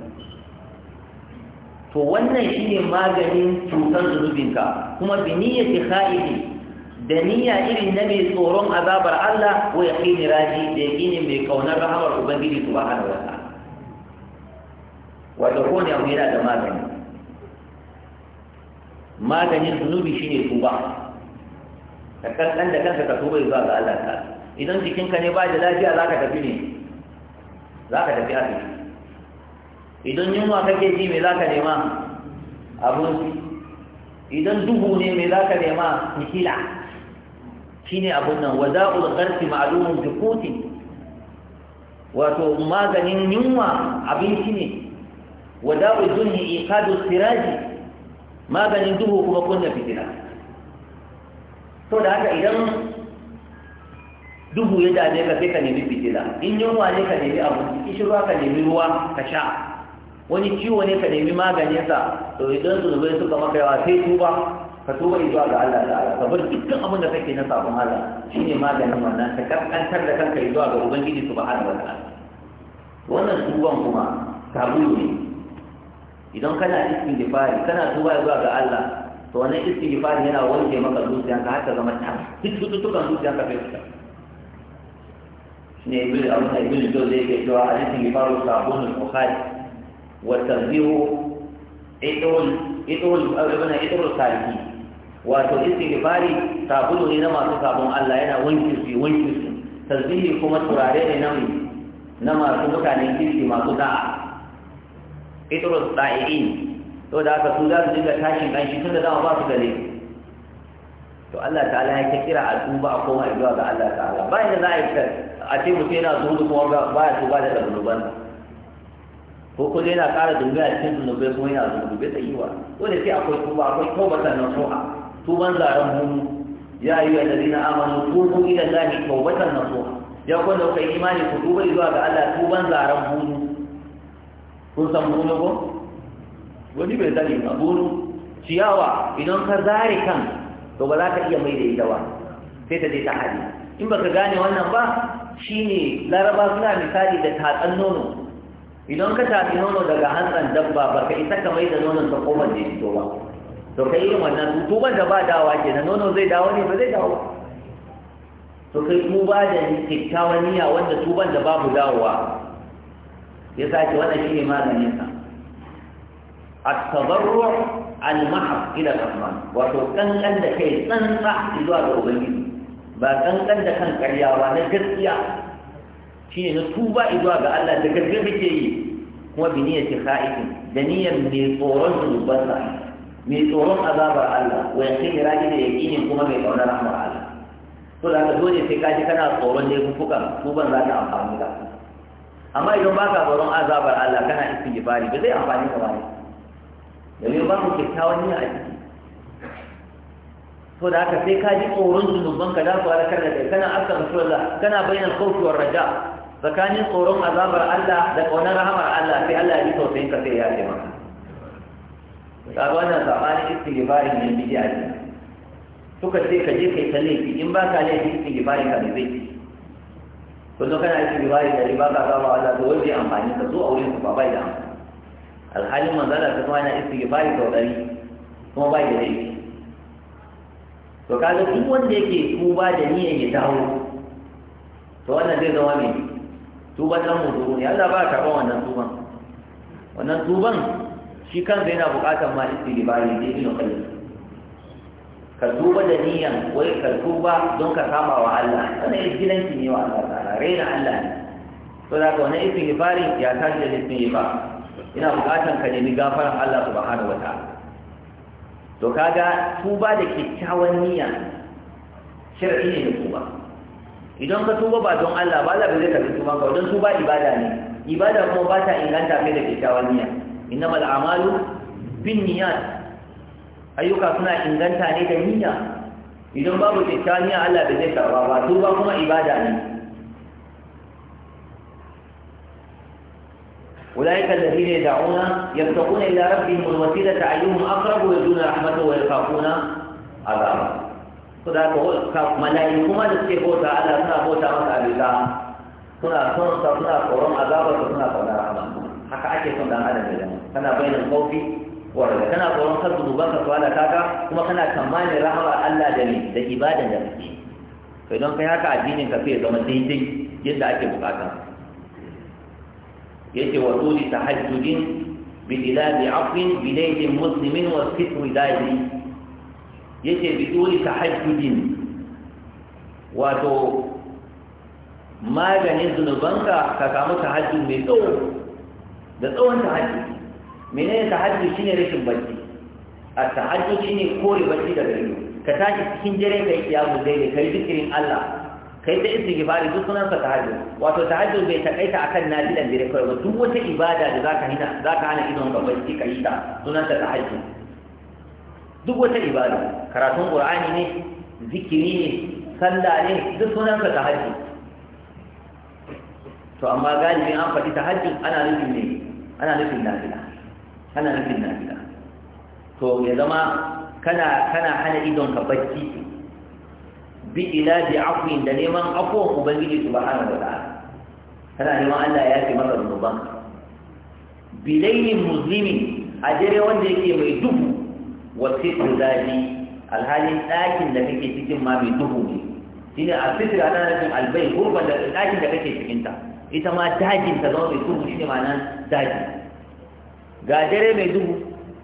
to wannan shine maganin cutar zunubinka kuma bi niyyati khaidi da niyya irin na mai tsoron azabar Allah ko ya yaqini raji da yaqini mai kaunar rahamar ubangiji ba wa ta'ala wato ko ne yana da magani maganin zunubi shine tuba ka kankan da kanka ka tuba zuwa ga Allah ta idan jikinka ne ba da lafiya ka tafi ne ka tafi asibiti idan yunwa kake ji me za ka nema abinci idan duhu ne me za ka nema fitila shi ne abin nan wada'ul ƙarfi ma'alumin jikuti wato maganin yunwa abinci ne wa wada'ul dunni iqadu siraji maganin duhu kuma kunna fitila to da haka idan duhu ya dame ka sai ka nemi fitila in yunwa ne ka nemi abu kishirwa ka nemi ruwa ka sha wani ciwo ne ka nemi maganinsa to idan zunubai suka maka yawa sai tuba ka tuba zuwa ga Allah ta'ala ka bar dukkan abin da kake na sabon Allah shine maganin wannan ka kaskantar da kanka zuwa ga ubangiji subhanahu wa ta'ala wannan tuban kuma kabulu ne idan kana istighfari kana tuba zuwa ga Allah to wannan istighfari yana wanke maka zuciyanka har ta zama ta duk cututtukan zuciyanka sai fita shine ibnu abdul ibnu dole yake cewa a cikin libaru sabunul bukhari watanzihu idul abuna idul saliki wato istighfari sabulu ne na masu sabon Allah yana wanki su wanki su tasbihi kuma turare ne na na masu mutane, kirki masu da'a idul da'iin to da haka su za su dinga tashin kanshi tunda dama ba su gare to Allah ta'ala ya kira a duba a koma zuwa ga Allah ta'ala bayan da za a yi a ce mutum yana zuwa kuma ba ya tuba da zunuban ko kuma yana ƙara dogara cikin zunubai kuma yana zunubai da yiwa wanda sai akwai tuba akwai na nasuha tuban zaren mu ya yi wa dalilin amanu tubu ila lahi taubatan nasuha ya da kuka imani ku tuba zuwa ga Allah tuban zaren hunu. kun san bunu ko wani bai sani ba bunu ciyawa idan ka zare kan to ba za ka iya mai da ita ba sai ta je ta hali in baka gane wannan ba shine laraba suna misali da tatsan nono idan ka tafi nono daga hantsan dabba ba ka isa ka mai da nonon ta koma da fito ba to kai yin wannan tuban da ba dawa ke na nono zai dawo ne ba zai dawo to kai tuba da kyakkyawan niyya wanda tuban da babu dawowa ya sake wannan ne maganin sa at-tadarru' al-mahab ila rahman wato kankan da kai tsantsa zuwa ga ubangiji ba kankan da kan karyawa na gaskiya shine na tuba zuwa ga Allah da gaske muke yi kuma bi niyyar ki khaifin da niyyar mai tsoron zunubansa mai tsoron azabar Allah wa yaqini raji da yaƙini kuma mai ƙaunar rahmar Allah to da ka dole sai kaji kana tsoron da fukan tuban za ta amfani da amma idan ba ka tsoron azabar Allah kana istighfari ba zai amfani ka ba ne domin ba mu kyakkyawan niyya a ciki to da haka sai ka ji tsoron zunubanka da su halakar da kai kana akan shirla kana bayyana kautuwar raja tsakanin tsoron azabar Allah da ƙaunar rahamar Allah sai Allah ya ji sosai, ka sai ya ce ma. kaga wannan sabanin istighfarin ne bidi a ce suka ce ka je kai ta laifi in ba ka laifi istighfarin ka bai ci don kana istighfarin da riba ka gaba Allah to wanda amfani ka zo a wurin ka ba bai da amfani alhalin manzala ta kuma yana istighfari sau ɗari kuma bai da laifi to kaga duk wanda yake tuba da niyyar ya dawo to wannan zai zama mai tuban dan mudu ne Allah ba ta ba wannan tuban wannan tuban shi kansa yana buƙatar ma istighfari da ibn qayyim ka tuba da niyan wai ka tuba don ka kama wa Allah wani gidanki ne wa Allah ta'ala raina Allah ne to da ka wannan istighfarin ya tashi da istighfar ina buƙatar ka nemi gafaran Allah subhanahu wa wata, to kaga tuba da kyakkyawan niyya shar'i ne tuba idan ka tuba ba don Allah ba Allah bai zai karbi tuban ka don tuba ibada ne ibada kuma ba ta inganta kai da kyakkyawan niyya innamal a'malu bin niyyat ayyuka suna inganta ne da niyya idan babu kyakkyawan niyya Allah bai zai karba ba tuba kuma ibada ne أولئك الذين يدعون يتقون إلى ربهم الوسيلة أيهم أقرب ويرجون رحمته ويخافون عذابه su da ka malayi kuma da suke bauta Allah suna bauta masa abisa suna son sa suna tsoron azabar da suna tsoron rahama haka ake son dan adam da jama'a kana bayanin kofi warga kana tsoron kar su ka su ala kaka kuma kana tsammanin rahama Allah da ni da ibadan da kake to idan kai haka addinin ka sai zama daidai yadda ake bukata yake wa tuli tahajjudin bi ilahi afin bi daidin muslimin wa kitwi daidin yace ta tahajjudin wato maganin zunubanka ka samu tahajjud mai tsawo da tsawon ta tahajjud menene hajji shine rashin bacci a ta hajji shine kore bacci daga ido ka tashi cikin dare yi kiyamu daidai kai zikirin Allah kai ta istighfari duk sunan ta tahajjud wato tahajjud bai takaita akan nafilan dire kawai ba duk wata ibada da zaka hina zaka hana idon ka bacci kai ta sunan ta tahajjud duk wata ibada karatun qur'ani ne zikiri ne sallah ne duk sunan ka tahajjud to amma galibin an faɗi tahajjud ana nufin ne ana nufin nafila ana nufin nafila to ya zama kana kana hana idon ka bacci bi ilahi afwin da neman afwan ubangiji subhanahu wa ta'ala kana neman Allah ya yafe maka zunuban bilailin muslimin a dare wanda yake mai duhu wasu zafi alhalin ɗakin da kake cikin ma mai duhu ne shi ne a sitira na nufin albai gurban da ɗakin da kake cikinta ita ma dajin ta zama mai duhu shi ne ma nan daji ga dare mai duhu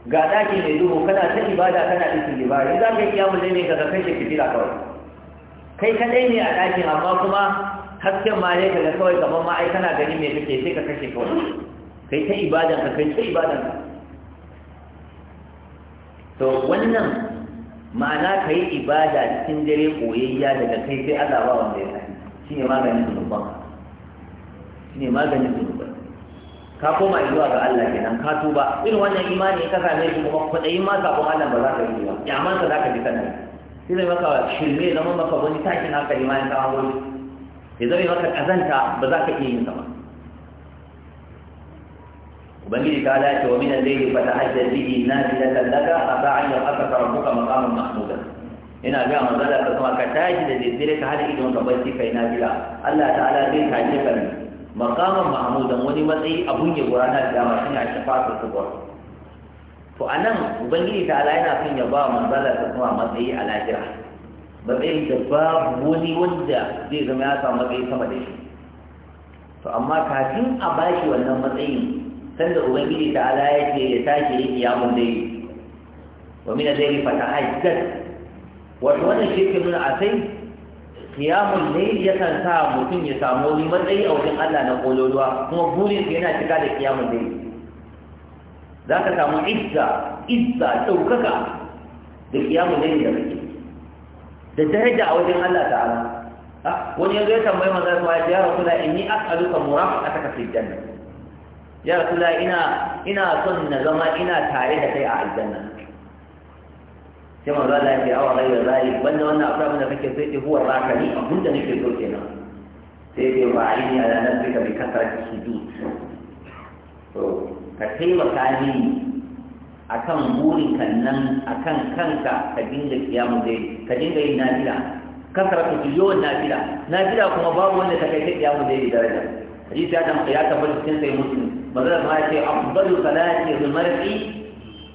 ga ɗaki mai duhu kana ta ibada kana isin ibada idan ka iya mun ne ka kashe fitila kawai kai kaɗai ne a ɗakin amma kuma hasken ma ne ka ga kawai kamar ma ai kana gani mai kake sai ka kashe kawai kai ta ibadan ka kai ta ibadan ka to wannan ma'ana ka yi ibada cikin dare koyayya daga kai sai Allah ba wanda ya sani shi ne maganin zunuban shi ne maganin zunuban ka koma zuwa ga Allah kenan ka tuba irin wannan imani ka same shi kuma kwaɗayin ma sabon Allah ba za ka yi ba kyaman sa za ka ji kana Sai zai maka shirme zama maka wani takin haka imani ta hawo shi zai maka kazanta ba za ka iya yin sa ba ubangiji ta wa minan wa min al-layli fa tahajjal bihi nafilatan laka asa an yaqata rabbuka maqaman mahmuda ina ga manzo da kuma ka tashi da daddare ka hada idon ka barci kai nafila Allah ta'ala zai tashi ka maqaman mahmudan wani matsayi abun ya gurana na ma ina shafatu kubur to anan ubangiji ta ala yana son ya ba manzo da kuma matsayi a lahira matsayin da babu wani wanda zai zama ya samu matsayi sama da shi to amma kafin a bashi wannan matsayin sanda ubangiji ta ala ya ce ya tashi ya mun dai wa min al-layli fatahajjat wato wannan shirkin nuna a sai kiyamun ya yakan sa mutum ya samu wani matsayi a wajen Allah na kololuwa kuma burin sa yana cika da kiyamun Za zaka samu izza izza daukaka da kiyamun dai da kake da daraja a wajen Allah ta'ala ah, wani yanzu ya tambayi manzo ya ce ya rasula inni as'aluka murafaqataka fi jannah ya rasula ina ina son na zama ina tare da kai a aljanna sai manzo Allah ya ce awa ghayra zalik banda wannan abu abin da kake so ce huwa zakari abin da nake so kenan sai ya ba a ni aini ala nafsika bi kasrati sujud to ka taimaka ni a akan burinka nan a kan kanka ka dinga kiyamu dai ka dinga yin nafila kasratu yawan nafila nafila kuma babu wanda ka kai ta kiyamu da yi daraja hadisi ya dan ya tabbata cikin sai muslim مدرسة ما يتي أفضل صلاة المرء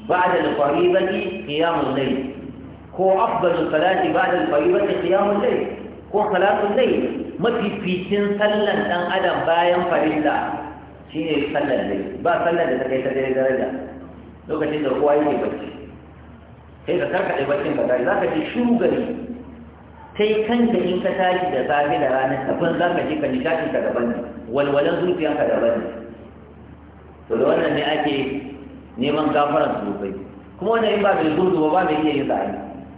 بعد الفريضة قيام الليل هو أفضل الصلاة بعد الفريضة قيام الليل هو صلاة الليل ما في فيتين صلى أن أدم باين فريضة شيء صلى الليل با صلى ده تكيت ده درجة لو كتير هو أي بس هي ذكرك أي بس كذا ذاك شو غري kai kanka in ka tashi da safe da ranar kafin za ka je ka nishaɗin ka daban ne walwalan zuciyanka daban ne to da wannan ne ake neman su dubai kuma wannan in ba mai zurdu ba ba mai iya yin zai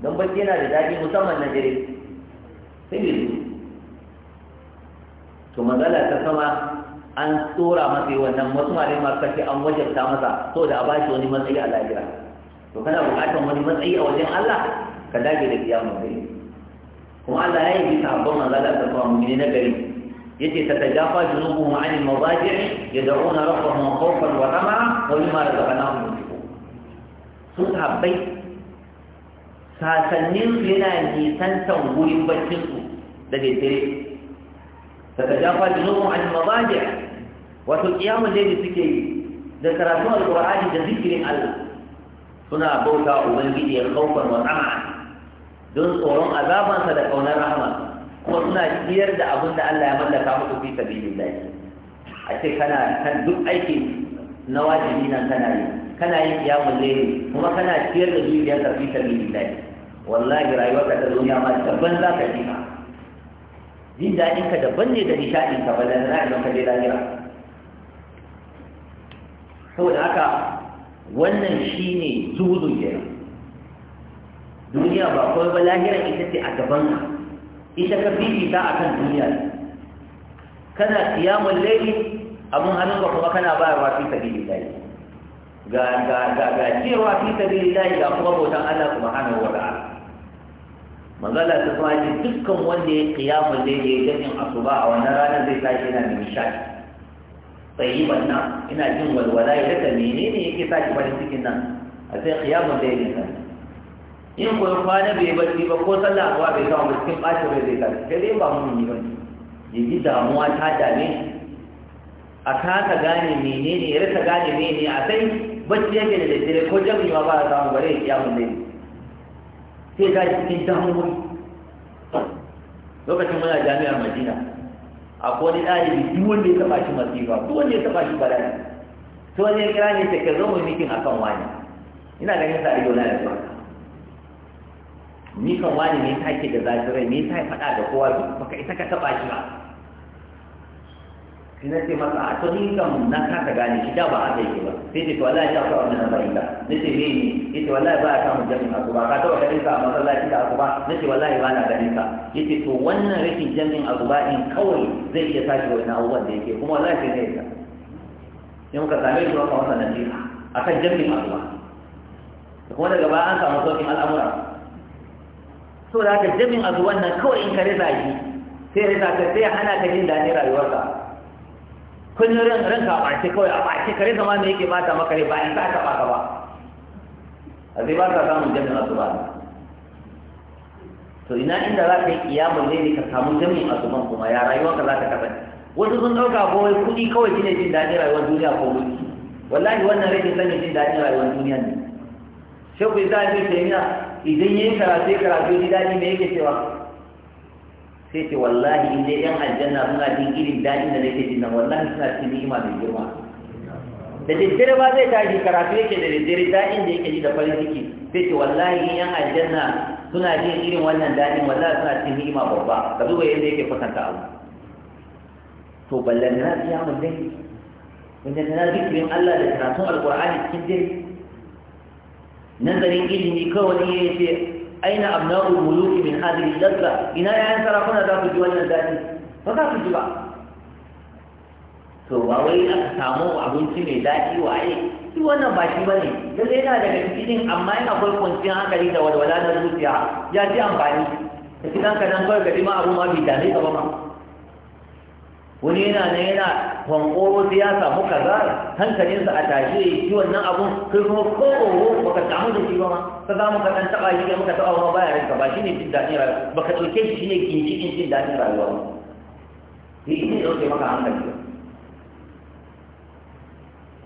don bacci yana da daɗi musamman na dare sai mai zuwa to matsala ta sama an tsora masa yi wannan wasu malai masu kashe an wajabta masa so da a ba shi wani matsayi a lahira to kana buƙatar wani matsayi a wajen Allah ka dage da kiyamun gari kuma Allah ya yi bisa abin manzala ta kuma mummuni na gari yace tatajafa junubuhum 'anil madaji'i yad'una rabbahum khawfan wa tama'an wa mimma razaqnahum yunfiqun sun habbai sasannin yana nisantan wurin baccin su da daddare tatajafa junubuhum 'anil madaji'i wato qiyamul layli suke da karatun alqur'ani da zikirin Allah suna bauta ubangiji khawfan wa don tsoron azabansa da ƙaunar rahmansa kuma suna ciyar da abin da Allah ya mallaka musu fi sabilillah a ce kana kan duk aiki na wajibi nan kana yi kana yin qiyamul layl kuma kana ciyar da dukiyar ka fi sabilillah wallahi rayuwarka ta duniya ma daban za ka ji ka jin daɗin ka daban ne da nishaɗin ka ba da na idan ka je lahira saboda haka wannan shine zuhudun kenan duniya ba kawai ba lahiran ita ce a gaban ka ita ka fifita a kan duniya ne kana siyamun laili abin hannunka kuma kana bayarwa fi sabili lahi ga ga ga ga cewa fi sabili lahi ga kuma bautan Allah subhanahu wa ta'ala manzala ta kuma ce dukkan wanda ya kiyamun laili ya jin asuba a wannan ranar zai tashi yana da nishadi tsayiban nan ina jin walwala ya daga menene yake tashi farin cikin nan a sai kiyamun laili in ko kwana bai barci ba ko sallah ruwa bai samu cikin ɓacin rai zai tashi sai dai ba mu yi ba ne. ji damuwa ta dame A ta ka gane menene ya rasa gane menene a sai bacci yake da daddare ko jami'i ma ba a samu bare ya kiyamun ne sai ta cikin damuwa lokacin muna jami'ar madina A wani ɗalibi duk wanda ya taɓa shi masifa duk wanda ya taɓa shi ne to wani ya kira ne ta ka zama mikin a kan wani ina ganin sa a yau na da ni kan wani ne ta ke da zafi rai ne ta faɗa da kowa baka ita ka taɓa shi ba sai na ce maka a to ni kan na ta gane shi da ba haka ke ba sai ce to Allah ya fara wannan bari da na ce me ne ya ce wallahi ba a samu jami'in asuba ka taɓa ganin ka a masallaci da asuba na ce wallahi ba na ganin ka ya ce to wannan rashin jami'in asuba in kawai zai iya tashi wani abubuwan da yake kuma wallahi sai zai ta sai muka same shi maka wannan a kan jami'in asuba da kuma daga baya an samu sauƙin al'amura so da haka jami'in abu wannan kawai in ka riza shi sai riza ka sai hana ka jin daɗin rayuwarka kullum ran ranka a ɓace kawai a ɓace ka riza ma me yake bata maka rai bayan za ka ɓaka ba a zai ba ka samun jami'in abu ba to ina inda za ka yi kiyamun ne ka samu jami'in azuman kuma ya rayuwarka za ta kasance wasu sun ɗauka ko wai kuɗi kawai shine jin daɗin rayuwar duniya ko mulki wallahi wannan rage sanin jin daɗin rayuwar duniya ne shekul islam ibn taymiya idan yin karatu ya karatu ji daɗi me yake cewa sai ce wallahi in dai yan aljanna suna jin irin daɗin da nake jin nan wallahi suna cikin ni'ima mai girma da daddare ba zai tashi karatu yake da daddare daɗin da yake ji da farin ciki sai ce wallahi in yan aljanna suna jin irin wannan daɗin wallahi suna cikin ni'ima babba ka duba yadda yake kwatanta abu to ballan na biya mun dai wanda na zikirin Allah da karatun alƙur'ani cikin dare nazarin ilimi kawai ya ce aina abna'ul muluki min hadhihi ladda ina yayan sarakuna za su ji wannan dadi ba za su ji ba to ba wai aka samu abinci mai daɗi waye shi wannan ba shi bane lalle yana daga cikin amma yana akwai kwanciyar hankali da walwala na zuciya ya ji amfani da kidan ka nan kawai gari ma abu ma bai dame ka ba ma wani yana ne yana kwankoro siyasa ya samu kaza hankalinsa a tashe ya wannan abun kai kuma ko oho baka samu da shi ba ma ka za mu kaɗan taɓa shi ne muka taɓa ma baya ranka ba ne jin daɗin rayuwa baka ɗauke shi ci ginshiƙin jin daɗin rayuwa ba shi ne ɗauke maka hankali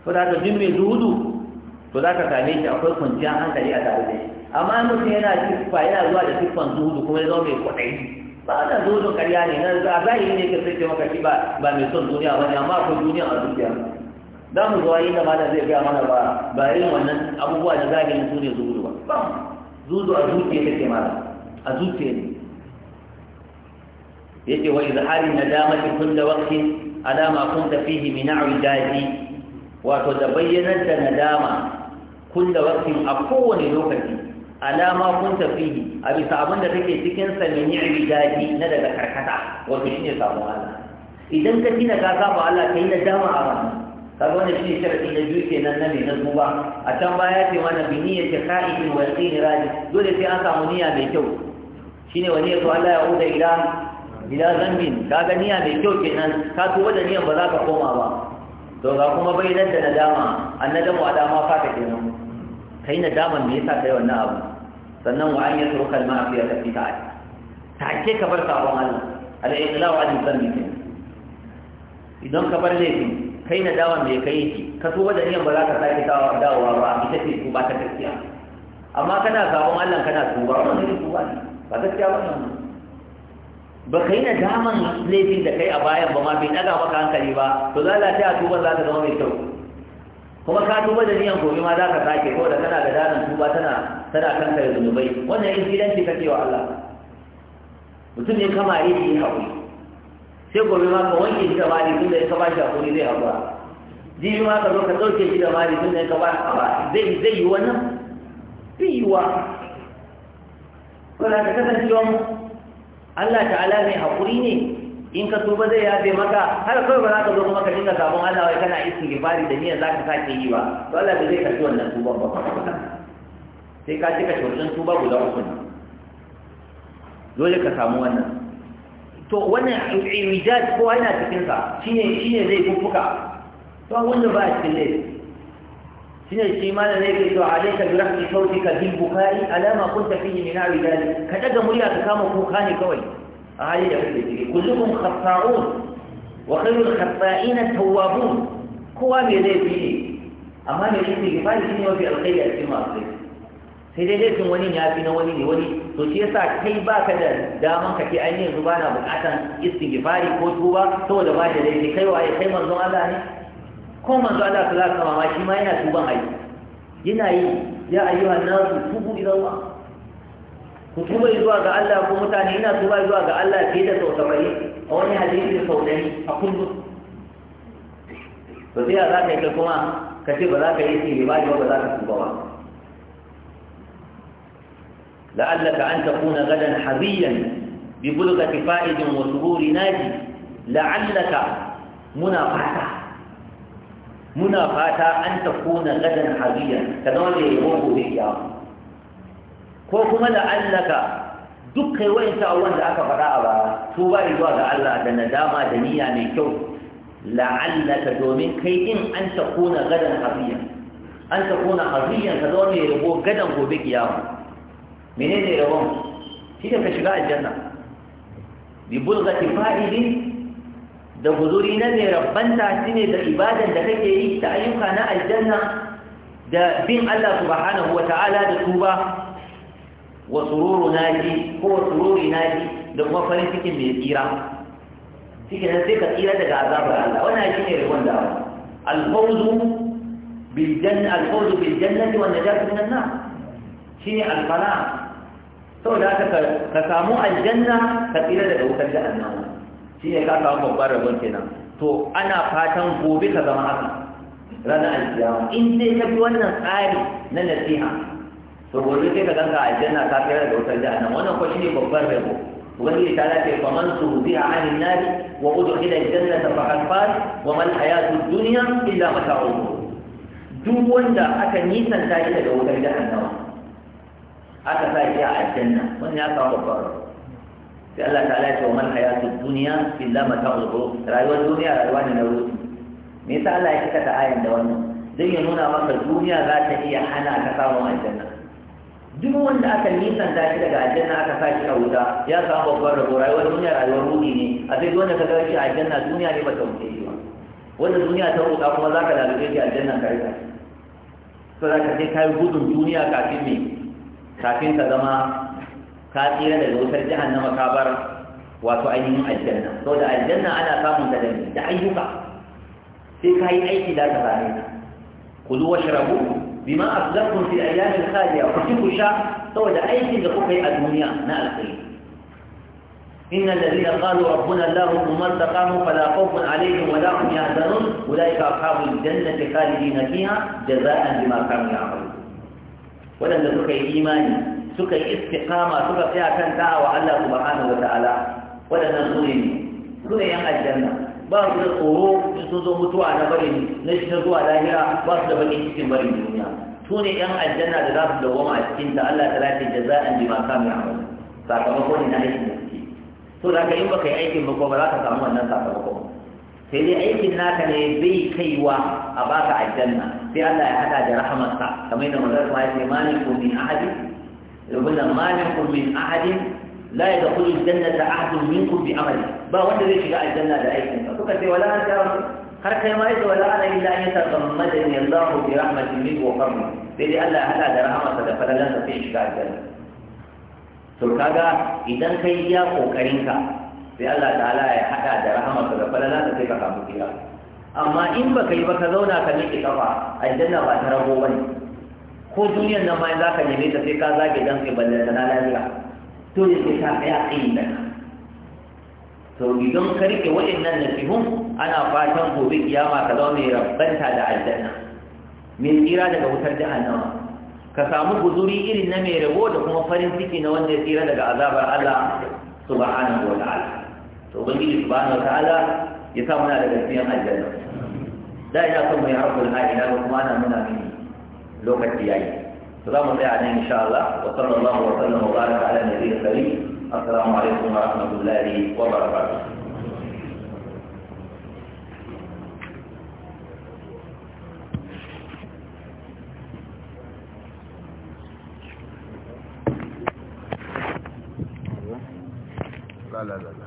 ko da ka jin mai zuhudu to za ka same shi akwai kwanciyar hankali a tare da shi amma mutum yana siffa yana zuwa da siffan zuhudu kuma ya zama mai kwaɗayi ba na zo karya ne nan za a zahiri ne ka sake maka shi ba ba mai son duniya wani amma akwai duniya a zuciya za mu zuwa da mana zai gaya mana ba ba yin wannan abubuwa da zahirin su ne zuwa ba zuwa a zuciya take mana a zuciya ne yake wa izharin nadamati kulla waqtin ala ma kunta fihi min na'il dahi wato da bayyanar da nadama kulla waqtin a kowane lokaci alama kun tafihi a bisa abin da take cikin sa min ibadati na daga karkata wato shine sabon Allah idan ka tina ka saba Allah kai na dama a ran kaga wannan shine sharadi na biyu kenan na ne na tuba a can baya ce wannan bi ta qa'idin wa yaqin radi dole sai an samu niyya mai kyau shine wani yato Allah ya huda ila ila zambin kaga niyya mai kyau kenan ka to da niyyar ba za ka koma ba to ga kuma bai nan da nadama annadamu alama fata kenan kai nadaman me yasa kai wannan abu sannan wa an yatruka al-ma'siyata fi ta'ati take ka bar sabon Allah al-iqla'u an dhanbi idan ka bar laifi kai na dawan da ya kai ki ka tuba da niyan ba za ka sake dawowa ba ita ku ba ta gaskiya amma kana sabon Allah kana tuba ba ne tuba ne ba gaskiya ba ne ba kai na daman laifin da kai a bayan ba ma bai daga maka hankali ba to za ta tuba za ta zama mai kyau kuma ka duba da niyan gobe ma za ka sake ko da kana da danin tuba tana tana kanta da zunubai wannan iskilanci kake wa Allah mutum ne kama yi shi haƙuri sai gobe ma ka wanke shi da mali tun da ya kaba shi haƙuri zai haƙura jibi ma ka zo ka ɗauke shi da mali tun da ya kaba shi zai zai yi wannan zai yi wa kana ka kasancewa Allah ta'ala mai haƙuri ne in ka tuba zai yafe maka har kawai ba za ka zo kuma ka dinga sabon Allah wai kana gibari da niyyar za ka sake yi ba to Allah ba zai karbi wannan tuba ba sai ka cika shaurin tuba guda uku ne dole ka samu wannan to wannan iwijat ko ana cikin sa shine shine zai fuffuka to wannan ba cikin ne shine shi ma da laifi to alayka bi rahmi sautika bil bukai alama kunta fihi min awidali ka daga murya ka kama kuka ne kawai ayoyi da muke ciki kullukum khata'un wa khairul khata'ina tawwabun kowa mai laifi ne amma mai laifi ne ba shi ne mafi alkhairi a cikin sai dai laifin wani ya fi na wani ne wani to shi yasa kai ba ka da daman ka ke ainihin yanzu ba na bukatan istighfari ko tuba saboda ba da laifi kai waye kai manzo Allah ne ko manzo Allah sallallahu alaihi wasallam shi ma yana tuban ai yana yi ya ayyuhan nasu tubu ila Allah Hukumai zuwa ga Allah ko mutane ina tuba zuwa ga Allah fiye da sau saba'in a wani hadisi sau ɗari a kullum to sai za ka yi kuma ka ce ba za ka yi sirri ba ba za ka tuba ba la'allaka an takuna gadan haziyan bi bulgati fa'idin wa sururi naji la'allaka muna fata muna fata an takuna gadan haziyan ka zama mai yabo gobe kiyawa ko kuma la'allaka duk kai wayan abubuwan da aka faɗa a baya tuba zuwa ga Allah da nadama da niyya mai kyau la'allaka domin kai in an ta kuna gadan an ta kuna haziyan ka zo mai rabo gadan gobe kiyama menene rabon shi ka shiga aljanna bi bulgati fa'ilin da guzuri na mai rabbanta tasi ne da ibadan da kake yi da ayyuka na aljanna da bin Allah subhanahu wa ta'ala da tuba wa sururu naji ko wa sururi naji da kuma farin cikin mai tsira cikin sai ka tsira daga azabar Allah wannan shi ne rikon da alfawzu bil janna alfawzu bil jannati wan najatu min an-nar shine al-fala saboda haka ka samu aljanna ka tsira daga wutar jahannama shine ka samu babbar rabon kenan to ana fatan gobe ka zama haka ranar alkiyama in dai ka bi wannan tsari na nasiha to sai ka ganka aljanna ka kai da wutar jahannam wannan ko shine babban rabo ubangiji ta lafiya fa man zuhiya anin nari wa udkhila aljannata faqad faz wa man hayatu dunya illa mata'u duk wanda aka nisanta shi daga wutar jihar jahannama aka sa shi a aljanna wani ya kawo babban rabo sai Allah ta lafiya wa man hayatu dunya illa mata'u rayuwar duniya rayuwa ne na ruhi me yasa Allah ya kika ta ayan da wannan zai ya nuna maka duniya za ta iya hana ka samun aljanna duk wanda aka nisan da shi daga aljanna aka sa shi a wuta ya samu babbar rabo rayuwar duniya rayuwar ruhi ne a sai wanda ka ga shi a aljanna duniya ne ba ta wuce shi ba wanda duniya ta ruɗa kuma za ka lalube shi aljanna ka rika to za ka sai ka yi gudun duniya kafin me kafin ka zama ka tsira daga wutar jahannama ka bar wato ainihin aljanna saboda aljanna ana samun ta da ayyuka sai ka yi aiki da ka same ta kulu washrabu بما aslaftum في الأيام الخالية ku ci ku sha saboda aikin da kuka إن الذين قالوا ربنا الله ثم استقاموا فلا خوف عليهم ولا هم يحزنون أولئك أصحاب الجنة خالدين فيها جزاء بما كانوا يعملون ولن سكي إيماني سكي استقامة سكي فيها كان دعوة الله سبحانه وتعالى ولن نسوني سوني يا الجنة ba su da tsoro in sun zo mutuwa na barin na shi na zuwa lahira ba su da bakin cikin barin duniya su ne yan aljanna da za su dawoma a cikin ta Allah ta lafi jaza'an bima kanu amalu sakamako ne na aikin da suke to da yi baka yi aikin ba ko ba za ka samu wannan sakamako sai dai aikin naka ne bai kaiwa a baka aljanna sai Allah ya hada da rahamarsa kamar yadda manzon Allah ya ce malikum min ahadin rubuna malikum min ahadin la ya da janna jannata ahadun minkum bi amali ba wanda zai shiga aljanna da aikin sa kuka ce wala an ta har kai ma yace wala an illa an ni Allah bi rahmatin minhu wa fadli sai dai Allah ya hada da rahmatsa da fadalan da zai shiga aljanna to kaga idan kai iya kokarin ka sai Allah ta'ala ya hada da rahmatsa da fadalan da zai ka samu kira amma in baka yi ba ka zauna ka miƙe kafa aljanna ba ta rago bane ko duniyar nan ma za ka neme ta sai ka zage dan sai balle ta na lafiya dole sai ta tsaya tsayin Sau to idan ka rike waɗannan nasihun ana fatan gobe kiyama ka zama mai rabbanta da aljanna mai tsira daga wutar jahannama ka samu guzuri irin na mai rabo da kuma farin ciki na wanda ya tsira daga azabar Allah subhanahu wa ta'ala to ubangiji subhanahu wa ta'ala ya sa muna daga cikin aljanna da ina son mai harkul ha'ina ba kuma ana nuna mini lokaci yayi السلام يعني إن شاء الله وصلى الله وسلم وبارك على النبي الكريم السلام عليكم ورحمة الله وبركاته لا لا لا